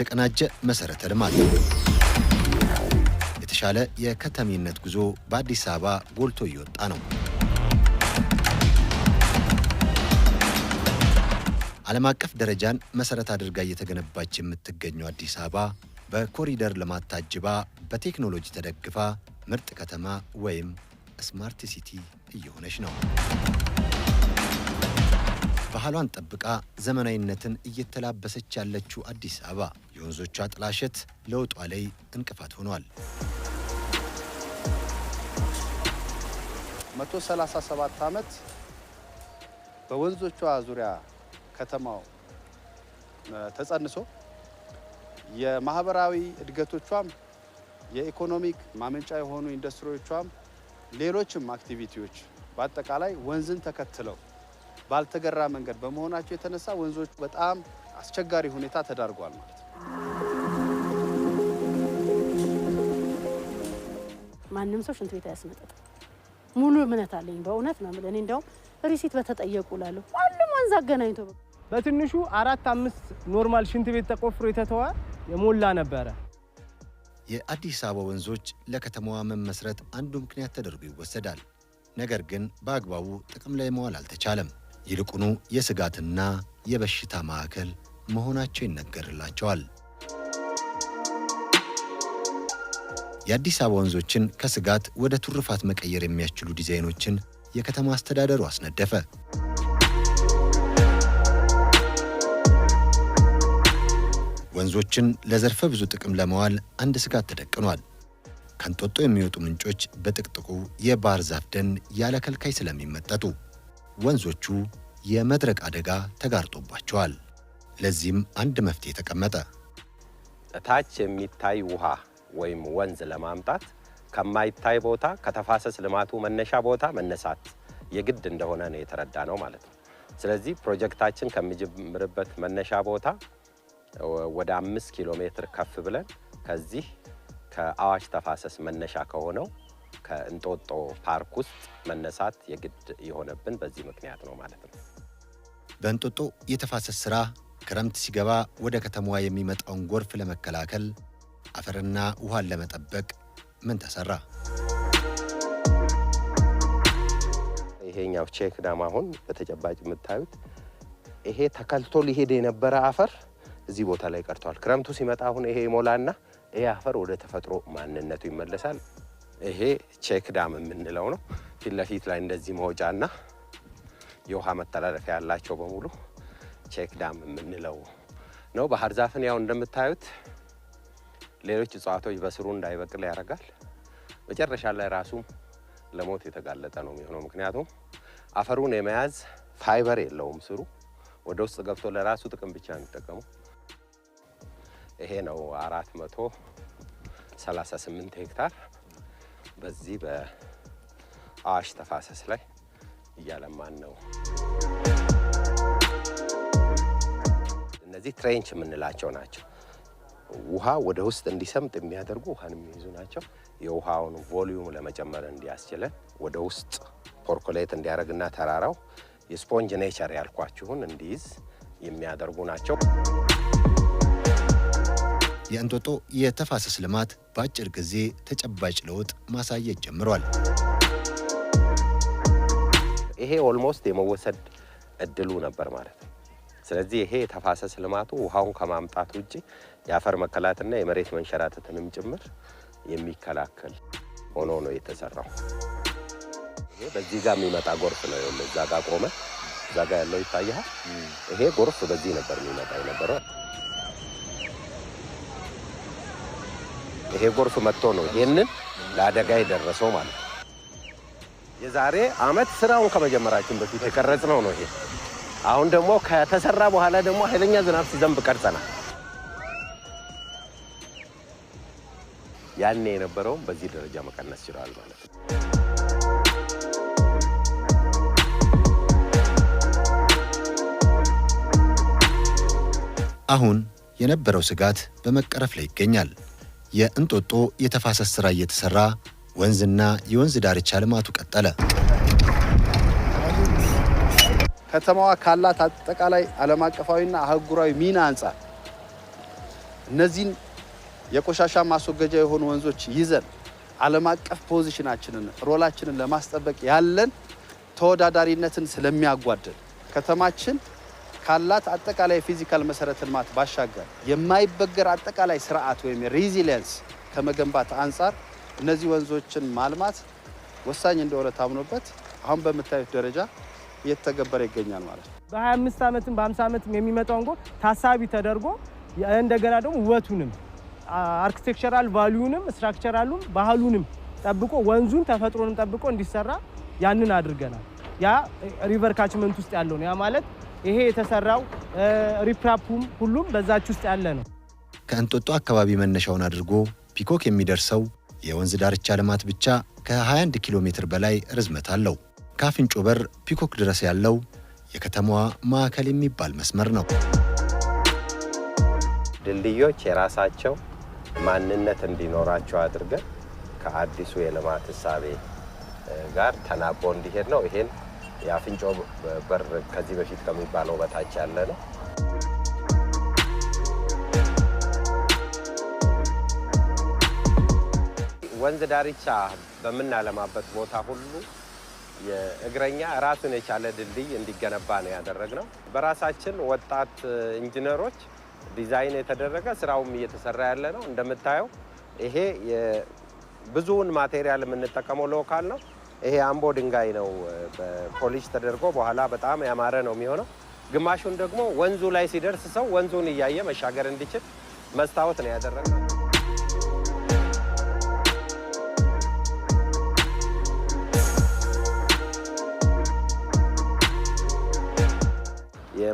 የተቀናጀ መሰረተ ልማት የተሻለ የከተሜነት ጉዞ በአዲስ አበባ ጎልቶ እየወጣ ነው። ዓለም አቀፍ ደረጃን መሰረት አድርጋ እየተገነባች የምትገኘው አዲስ አበባ በኮሪደር ልማት ታጅባ በቴክኖሎጂ ተደግፋ ምርጥ ከተማ ወይም ስማርት ሲቲ እየሆነች ነው። ባህሏን ጠብቃ ዘመናዊነትን እየተላበሰች ያለችው አዲስ አበባ የወንዞቿ ጥላሸት ለውጧ ላይ እንቅፋት ሆኗል። 137 ዓመት በወንዞቿ ዙሪያ ከተማው ተጸንሶ የማህበራዊ እድገቶቿም የኢኮኖሚክ ማመንጫ የሆኑ ኢንዱስትሪዎቿም ሌሎችም አክቲቪቲዎች በአጠቃላይ ወንዝን ተከትለው ባልተገራ መንገድ በመሆናቸው የተነሳ ወንዞች በጣም አስቸጋሪ ሁኔታ ተዳርጓል ማለት ነው። ማንም ሰው ሽንት ቤት አያስመጠጥ። ሙሉ እምነት አለኝ። በእውነት ነው እኔ እንደውም ሪሲት በተጠየቁ እላለሁ። ሁሉም ወንዝ አገናኝቶ በትንሹ አራት አምስት ኖርማል ሽንት ቤት ተቆፍሮ የተተዋ የሞላ ነበረ። የአዲስ አበባ ወንዞች ለከተማዋ መመስረት አንዱ ምክንያት ተደርጎ ይወሰዳል። ነገር ግን በአግባቡ ጥቅም ላይ መዋል አልተቻለም። ይልቁኑ የስጋትና የበሽታ ማዕከል መሆናቸው ይነገርላቸዋል። የአዲስ አበባ ወንዞችን ከስጋት ወደ ቱርፋት መቀየር የሚያስችሉ ዲዛይኖችን የከተማ አስተዳደሩ አስነደፈ። ወንዞችን ለዘርፈ ብዙ ጥቅም ለመዋል አንድ ስጋት ተደቅኗል። ከንጦጦ የሚወጡ ምንጮች በጥቅጥቁ የባህር ዛፍ ደን ያለ ከልካይ ስለሚመጠጡ ወንዞቹ የመድረቅ አደጋ ተጋርጦባቸዋል። ለዚህም አንድ መፍትሄ ተቀመጠ። እታች የሚታይ ውሃ ወይም ወንዝ ለማምጣት ከማይታይ ቦታ ከተፋሰስ ልማቱ መነሻ ቦታ መነሳት የግድ እንደሆነ ነው የተረዳ ነው ማለት ነው። ስለዚህ ፕሮጀክታችን ከሚጀምርበት መነሻ ቦታ ወደ አምስት ኪሎ ሜትር ከፍ ብለን ከዚህ ከአዋሽ ተፋሰስ መነሻ ከሆነው ከእንጦጦ ፓርክ ውስጥ መነሳት የግድ የሆነብን በዚህ ምክንያት ነው ማለት ነው። በእንጦጦ የተፋሰስ ስራ ክረምት ሲገባ ወደ ከተማዋ የሚመጣውን ጎርፍ ለመከላከል አፈርና ውሃን ለመጠበቅ ምን ተሰራ? ይሄኛው ቼክ ዳም አሁን በተጨባጭ የምታዩት ይሄ ተከልቶ ሊሄድ የነበረ አፈር እዚህ ቦታ ላይ ቀርቷል። ክረምቱ ሲመጣ አሁን ይሄ ይሞላና ይሄ አፈር ወደ ተፈጥሮ ማንነቱ ይመለሳል። ይሄ ቼክ ዳም የምንለው ነው። ፊት ለፊት ላይ እንደዚህ መውጫና የውሃ መተላለፊያ ያላቸው በሙሉ ቼክ ዳም የምንለው ነው። ባህር ዛፍን ያው እንደምታዩት ሌሎች እጽዋቶች በስሩ እንዳይበቅል ያደርጋል። መጨረሻ ላይ ራሱ ለሞት የተጋለጠ ነው የሚሆነው። ምክንያቱም አፈሩን የመያዝ ፋይበር የለውም። ስሩ ወደ ውስጥ ገብቶ ለራሱ ጥቅም ብቻ የሚጠቀሙ። ይሄ ነው 438 ሄክታር በዚህ በአዋሽ ተፋሰስ ላይ እያለማን ነው። እነዚህ ትሬንች የምንላቸው ናቸው። ውሃ ወደ ውስጥ እንዲሰምጥ የሚያደርጉ ውሃን የሚይዙ ናቸው። የውሃውን ቮሊዩም ለመጨመር እንዲያስችለን ወደ ውስጥ ፖርኮሌት እንዲያደርግና ተራራው የስፖንጅ ኔቸር ያልኳችሁን እንዲይዝ የሚያደርጉ ናቸው። የእንጦጦ የተፋሰስ ልማት በአጭር ጊዜ ተጨባጭ ለውጥ ማሳየት ጀምሯል። ይሄ ኦልሞስት የመወሰድ እድሉ ነበር ማለት ስለዚህ ይሄ የተፋሰስ ልማቱ ውሃውን ከማምጣት ውጭ የአፈር መከላትና የመሬት መንሸራተትንም ጭምር የሚከላከል ሆኖ ነው የተሰራው። ይሄ በዚህ ጋር የሚመጣ ጎርፍ ነው። እዛ ጋር ቆመ፣ እዛ ጋር ያለው ይታያል። ይሄ ጎርፍ በዚህ ነበር የሚመጣ የነበረው። ይሄ ጎርፍ መጥቶ ነው ይሄንን ለአደጋ የደረሰው ማለት ነው። የዛሬ አመት ስራውን ከመጀመራችን በፊት የቀረጽ ነው ነው ይሄ አሁን ደግሞ ከተሰራ በኋላ ደግሞ ኃይለኛ ዝናብ ሲዘንብ ቀርጸናል። ያኔ የነበረውም በዚህ ደረጃ መቀነስ ችለዋል ማለት ነው። አሁን የነበረው ስጋት በመቀረፍ ላይ ይገኛል። የእንጦጦ የተፋሰስ ስራ እየተሰራ ወንዝና የወንዝ ዳርቻ ልማቱ ቀጠለ። ከተማዋ ካላት አጠቃላይ ዓለም አቀፋዊና አህጉራዊ ሚና አንጻር እነዚህን የቆሻሻ ማስወገጃ የሆኑ ወንዞች ይዘን ዓለም አቀፍ ፖዚሽናችንን ሮላችንን ለማስጠበቅ ያለን ተወዳዳሪነትን ስለሚያጓድል ከተማችን ካላት አጠቃላይ ፊዚካል መሰረተ ልማት ባሻገር የማይበገር አጠቃላይ ስርዓት ወይም ሬዚሊየንስ ከመገንባት አንጻር እነዚህ ወንዞችን ማልማት ወሳኝ እንደሆነ ታምኖበት አሁን በምታዩት ደረጃ እየተተገበረ ይገኛል ማለት ነው። ዓመትም በ ዓመትም የሚመጣውን ጎል ታሳቢ ተደርጎ እንደገና ደግሞ ውበቱንም አርክቴክቸራል ቫሊዩንም ስትራክቸራሉም ባህሉንም ጠብቆ ወንዙን ተፈጥሮንም ጠብቆ እንዲሰራ ያንን አድርገናል። ያ ሪቨር ካችመንት ውስጥ ያለው ነው። ያ ማለት ይሄ የተሰራው ሪፕራፑም ሁሉም በዛች ውስጥ ያለ ነው። ከእንጦጦ አካባቢ መነሻውን አድርጎ ፒኮክ የሚደርሰው የወንዝ ዳርቻ ልማት ብቻ ከ21 ኪሎ ሜትር በላይ ርዝመት አለው። ከአፍንጮ በር ፒኮክ ድረስ ያለው የከተማዋ ማዕከል የሚባል መስመር ነው። ድልድዮች የራሳቸው ማንነት እንዲኖራቸው አድርገን ከአዲሱ የልማት እሳቤ ጋር ተናቦ እንዲሄድ ነው። ይሄን የአፍንጮ በር ከዚህ በፊት ከሚባለው በታች ያለ ነው። ወንዝ ዳርቻ በምናለማበት ቦታ ሁሉ የእግረኛ ራሱን የቻለ ድልድይ እንዲገነባ ነው ያደረግነው። በራሳችን ወጣት ኢንጂነሮች ዲዛይን የተደረገ ስራውም እየተሰራ ያለ ነው። እንደምታየው ይሄ ብዙውን ማቴሪያል የምንጠቀመው ሎካል ነው። ይሄ አምቦ ድንጋይ ነው። በፖሊሽ ተደርጎ በኋላ በጣም ያማረ ነው የሚሆነው። ግማሹን ደግሞ ወንዙ ላይ ሲደርስ ሰው ወንዙን እያየ መሻገር እንዲችል መስታወት ነው ያደረግነው።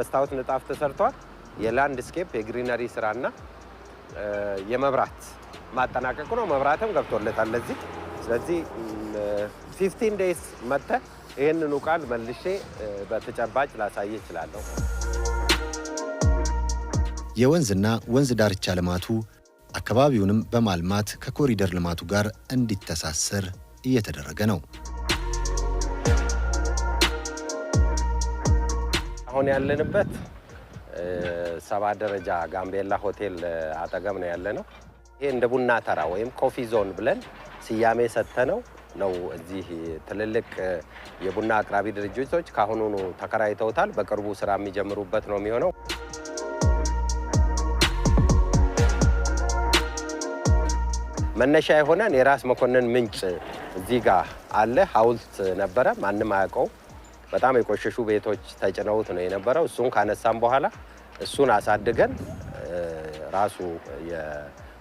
የመስታወት ንጣፍ ተሰርቷል። የላንድ ስኬፕ የግሪነሪ ስራና የመብራት ማጠናቀቁ ነው። መብራትም ገብቶለታል ለዚህ። ስለዚህ ፊፍቲን ዴይስ መጥተ ይህንኑ ቃል መልሼ በተጨባጭ ላሳይ እችላለሁ። የወንዝና ወንዝ ዳርቻ ልማቱ አካባቢውንም በማልማት ከኮሪደር ልማቱ ጋር እንዲተሳሰር እየተደረገ ነው። አሁን ያለንበት ሰባ ደረጃ ጋምቤላ ሆቴል አጠገብ ነው ያለነው። ይሄ እንደ ቡና ተራ ወይም ኮፊ ዞን ብለን ስያሜ ሰጥተነው ነው። እዚህ ትልልቅ የቡና አቅራቢ ድርጅቶች ከአሁኑኑ ተከራይተውታል። በቅርቡ ስራ የሚጀምሩበት ነው የሚሆነው። መነሻ የሆነን የራስ መኮንን ምንጭ እዚህ ጋር አለ። ሀውልት ነበረ፣ ማንም አያውቀውም። በጣም የቆሸሹ ቤቶች ተጭነውት ነው የነበረው። እሱን ካነሳም በኋላ እሱን አሳድገን ራሱ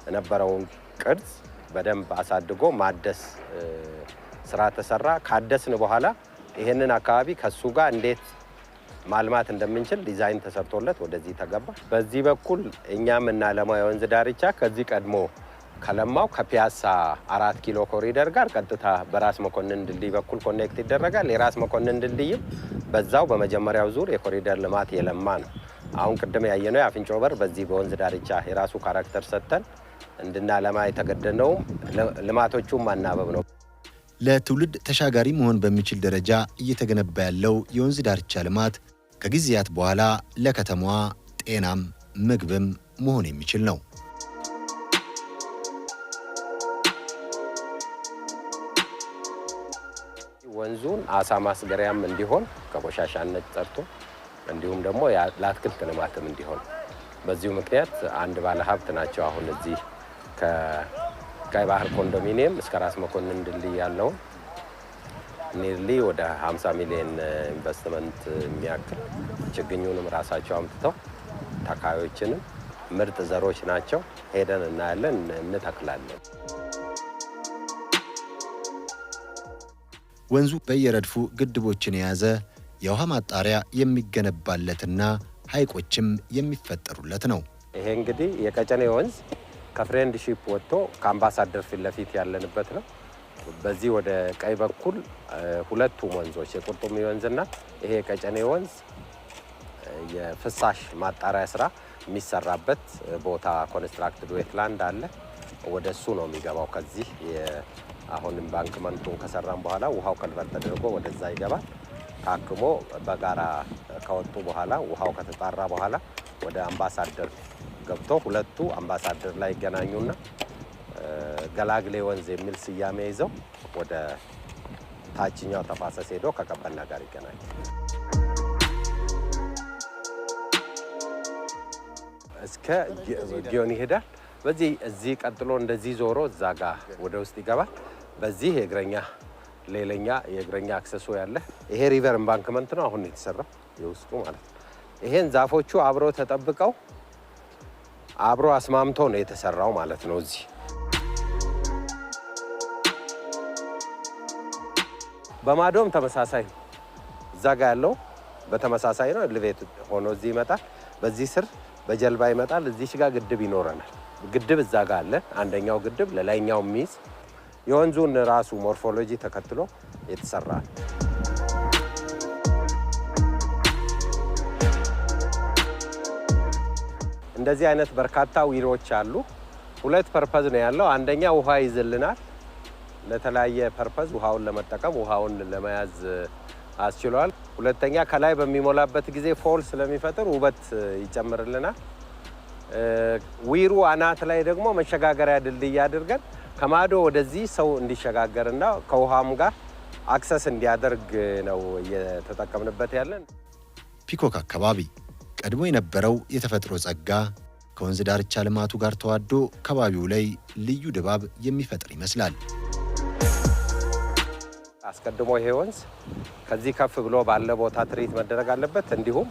የነበረውን ቅርጽ በደንብ አሳድጎ ማደስ ስራ ተሰራ። ካደስን በኋላ ይህንን አካባቢ ከሱ ጋር እንዴት ማልማት እንደምንችል ዲዛይን ተሰርቶለት ወደዚህ ተገባ። በዚህ በኩል እኛም እና ለማ የወንዝ ዳርቻ ከዚህ ቀድሞ ከለማው ከፒያሳ አራት ኪሎ ኮሪደር ጋር ቀጥታ በራስ መኮንን ድልድይ በኩል ኮኔክት ይደረጋል። የራስ መኮንን ድልድይም በዛው በመጀመሪያው ዙር የኮሪደር ልማት የለማ ነው። አሁን ቅድም ያየነው የአፍንጮ በር በዚህ በወንዝ ዳርቻ የራሱ ካራክተር ሰጥተን እንድናለማ የተገደነውም ልማቶቹም ማናበብ ነው። ለትውልድ ተሻጋሪ መሆን በሚችል ደረጃ እየተገነባ ያለው የወንዝ ዳርቻ ልማት ከጊዜያት በኋላ ለከተማዋ ጤናም ምግብም መሆን የሚችል ነው። ወንዙን አሳ ማስገሪያም እንዲሆን ከቆሻሻነት ጠርቶ እንዲሁም ደግሞ ለአትክልት ልማትም እንዲሆን በዚሁ ምክንያት አንድ ባለሀብት ናቸው አሁን እዚህ ከቀይ ባህር ኮንዶሚኒየም እስከ ራስ መኮንን ድልድይ ያለውን ኒርሊ ወደ 50 ሚሊዮን ኢንቨስትመንት የሚያክል ችግኙንም ራሳቸው አምጥተው ተካዮችንም ምርጥ ዘሮች ናቸው ሄደን እናያለን፣ እንተክላለን። ወንዙ በየረድፉ ግድቦችን የያዘ የውሃ ማጣሪያ የሚገነባለትና ሐይቆችም የሚፈጠሩለት ነው። ይሄ እንግዲህ የቀጨኔ ወንዝ ከፍሬንድ ሺፕ ወጥቶ ከአምባሳደር ፊት ለፊት ያለንበት ነው። በዚህ ወደ ቀኝ በኩል ሁለቱም ወንዞች የቁርጡሚ ወንዝና ይሄ የቀጨኔ ወንዝ የፍሳሽ ማጣሪያ ስራ የሚሰራበት ቦታ ኮንስትራክትድ ዌትላንድ አለ። ወደ እሱ ነው የሚገባው ከዚህ አሁን ኢምባንክመንቱን ከሰራም በኋላ ውሃው ከልበል ተደርጎ ወደዛ ይገባል። ታክሞ በጋራ ከወጡ በኋላ ውሃው ከተጣራ በኋላ ወደ አምባሳደር ገብቶ ሁለቱ አምባሳደር ላይ ይገናኙና ገላግሌ ወንዝ የሚል ስያሜ ይዘው ወደ ታችኛው ተፋሰስ ሄዶ ከቀበና ጋር ይገናኝ። እስከ ጊዮን ይሄዳል። በዚህ እዚህ ቀጥሎ እንደዚህ ዞሮ እዛ ጋር ወደ ውስጥ ይገባል። በዚህ የእግረኛ ሌላኛ የእግረኛ አክሰሶ ያለ ይሄ ሪቨር ኤምባንክመንት ነው። አሁን የተሰራ የውስጡ ማለት ነው። ይሄን ዛፎቹ አብሮ ተጠብቀው አብሮ አስማምቶ ነው የተሰራው ማለት ነው። እዚህ በማዶም ተመሳሳይ ነው። እዛ ጋ ያለው በተመሳሳይ ነው። ልቤት ሆኖ እዚህ ይመጣል። በዚህ ስር በጀልባ ይመጣል። እዚህ ጋ ግድብ ይኖረናል። ግድብ እዛ ጋ አለ። አንደኛው ግድብ ለላይኛው የሚይዝ የወንዙን ራሱ ሞርፎሎጂ ተከትሎ የተሰራ እንደዚህ አይነት በርካታ ዊሮች አሉ። ሁለት ፐርፐዝ ነው ያለው። አንደኛ ውሃ ይዝልናል። ለተለያየ ፐርፐዝ ውሃውን ለመጠቀም ውሃውን ለመያዝ አስችሏል። ሁለተኛ ከላይ በሚሞላበት ጊዜ ፎል ስለሚፈጥር ውበት ይጨምርልናል። ዊሩ አናት ላይ ደግሞ መሸጋገሪያ ድልድይ አድርገን ከማዶ ወደዚህ ሰው እንዲሸጋገርና ከውሃም ጋር አክሰስ እንዲያደርግ ነው እየተጠቀምንበት ያለን። ፒኮክ አካባቢ ቀድሞ የነበረው የተፈጥሮ ጸጋ ከወንዝ ዳርቻ ልማቱ ጋር ተዋዶ ከባቢው ላይ ልዩ ድባብ የሚፈጥር ይመስላል። አስቀድሞ ይሄ ወንዝ ከዚህ ከፍ ብሎ ባለ ቦታ ትርኢት መደረግ አለበት። እንዲሁም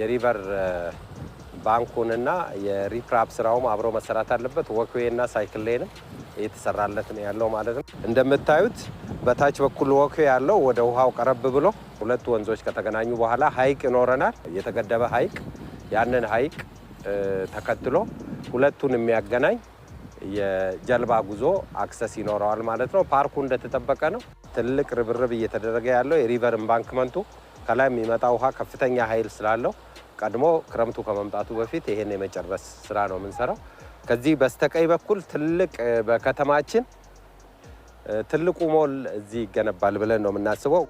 የሪቨር ባንኩንና የሪፕራፕ ስራውም አብሮ መሰራት አለበት። ወክዌና ሳይክል ላይንም እየተሰራለት ነው ያለው ማለት ነው። እንደምታዩት በታች በኩል ወክ ያለው ወደ ውሃው ቀረብ ብሎ ሁለቱ ወንዞች ከተገናኙ በኋላ ሀይቅ ይኖረናል፣ የተገደበ ሀይቅ። ያንን ሀይቅ ተከትሎ ሁለቱን የሚያገናኝ የጀልባ ጉዞ አክሰስ ይኖረዋል ማለት ነው። ፓርኩ እንደተጠበቀ ነው። ትልቅ ርብርብ እየተደረገ ያለው የሪቨር ኢምባንክመንቱ ከላይ የሚመጣ ውሃ ከፍተኛ ኃይል ስላለው ቀድሞ ክረምቱ ከመምጣቱ በፊት ይሄን የመጨረስ ስራ ነው የምንሰራው። ከዚህ በስተቀኝ በኩል ትልቅ በከተማችን ትልቁ ሞል እዚህ ይገነባል ብለን ነው የምናስበው።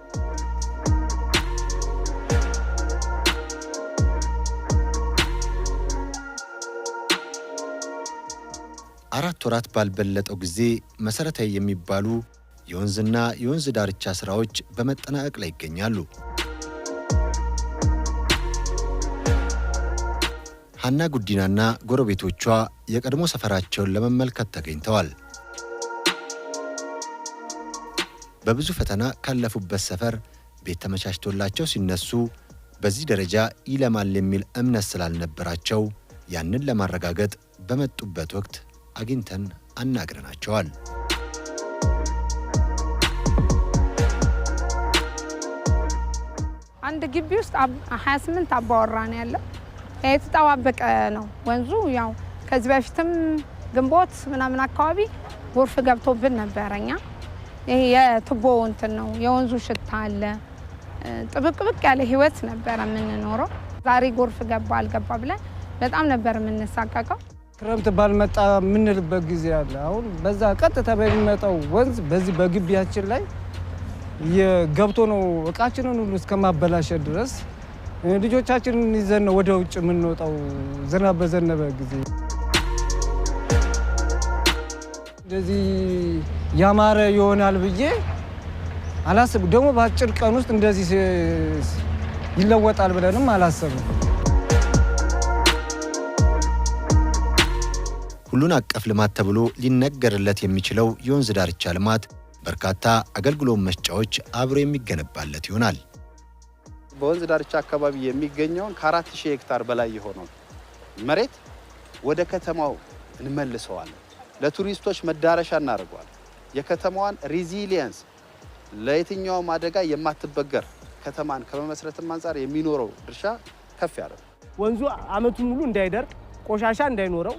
አራት ወራት ባልበለጠው ጊዜ መሰረታዊ የሚባሉ የወንዝና የወንዝ ዳርቻ ስራዎች በመጠናቀቅ ላይ ይገኛሉ። ሀና ጉዲናና ጎረቤቶቿ የቀድሞ ሰፈራቸውን ለመመልከት ተገኝተዋል። በብዙ ፈተና ካለፉበት ሰፈር ቤት ተመቻችቶላቸው ሲነሱ በዚህ ደረጃ ይለማል የሚል እምነት ስላልነበራቸው ያንን ለማረጋገጥ በመጡበት ወቅት አግኝተን አናግረናቸዋል። አንድ ግቢ ውስጥ 28 አባወራ ነው ያለው። የተጠባበቀ ነው ወንዙ። ያው ከዚህ በፊትም ግንቦት ምናምን አካባቢ ጎርፍ ገብቶብን ነበረ። ይሄ የቱቦ እንትን ነው የወንዙ ሽታ አለ። ጥብቅብቅ ያለ ህይወት ነበረ የምንኖረው። ዛሬ ጎርፍ ገባ አልገባ ብለን በጣም ነበር የምንሳቀቀው። ክረምት ባልመጣ የምንልበት ጊዜ አለ። አሁን በዛ ቀጥታ በሚመጣው ወንዝ በዚህ በግቢያችን ላይ የገብቶ ነው እቃችንን ሁሉ እስከማበላሸት ድረስ ልጆቻችንን ይዘን ነው ወደ ውጭ የምንወጣው ዝናብ በዘነበ ጊዜ። እንደዚህ ያማረ ይሆናል ብዬ አላስብ። ደግሞ በአጭር ቀን ውስጥ እንደዚህ ይለወጣል ብለንም አላሰብም። ሁሉን አቀፍ ልማት ተብሎ ሊነገርለት የሚችለው የወንዝ ዳርቻ ልማት በርካታ አገልግሎት መስጫዎች አብሮ የሚገነባለት ይሆናል። በወንዝ ዳርቻ አካባቢ የሚገኘውን ከ4000 ሄክታር በላይ የሆነው መሬት ወደ ከተማው እንመልሰዋለን። ለቱሪስቶች መዳረሻ እናደርገዋለን። የከተማዋን ሪዚሊየንስ ለየትኛውም አደጋ የማትበገር ከተማን ከመመስረትም አንጻር የሚኖረው ድርሻ ከፍ ያለ ወንዙ አመቱ ሙሉ እንዳይደርቅ ቆሻሻ እንዳይኖረው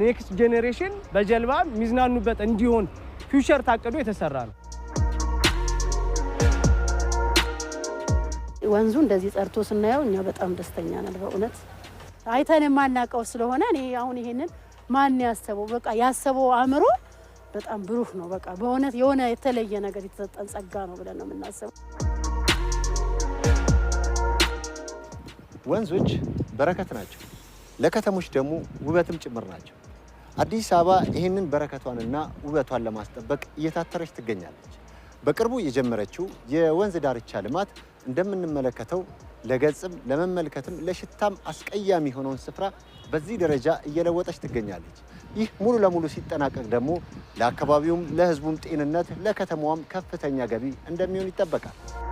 ኔክስት ጄኔሬሽን በጀልባ የሚዝናኑበት እንዲሆን ፊውቸር ታቅዶ የተሰራ ነው። ወንዙ እንደዚህ ጸርቶ ስናየው እኛ በጣም ደስተኛ ነን። በእውነት አይተን የማናውቀው ስለሆነ እኔ አሁን ይሄንን ማን ያሰበው በቃ ያሰበው አእምሮ በጣም ብሩህ ነው። በቃ በእውነት የሆነ የተለየ ነገር የተሰጠን ጸጋ ነው ብለን ነው የምናስበው። ወንዞች በረከት ናቸው፣ ለከተሞች ደግሞ ውበትም ጭምር ናቸው። አዲስ አበባ ይህንን በረከቷንና ውበቷን ለማስጠበቅ እየታተረች ትገኛለች። በቅርቡ የጀመረችው የወንዝ ዳርቻ ልማት እንደምንመለከተው ለገጽም ለመመልከትም ለሽታም አስቀያሚ የሆነውን ስፍራ በዚህ ደረጃ እየለወጠች ትገኛለች። ይህ ሙሉ ለሙሉ ሲጠናቀቅ ደግሞ ለአካባቢውም ለሕዝቡም ጤንነት ለከተማዋም ከፍተኛ ገቢ እንደሚሆን ይጠበቃል።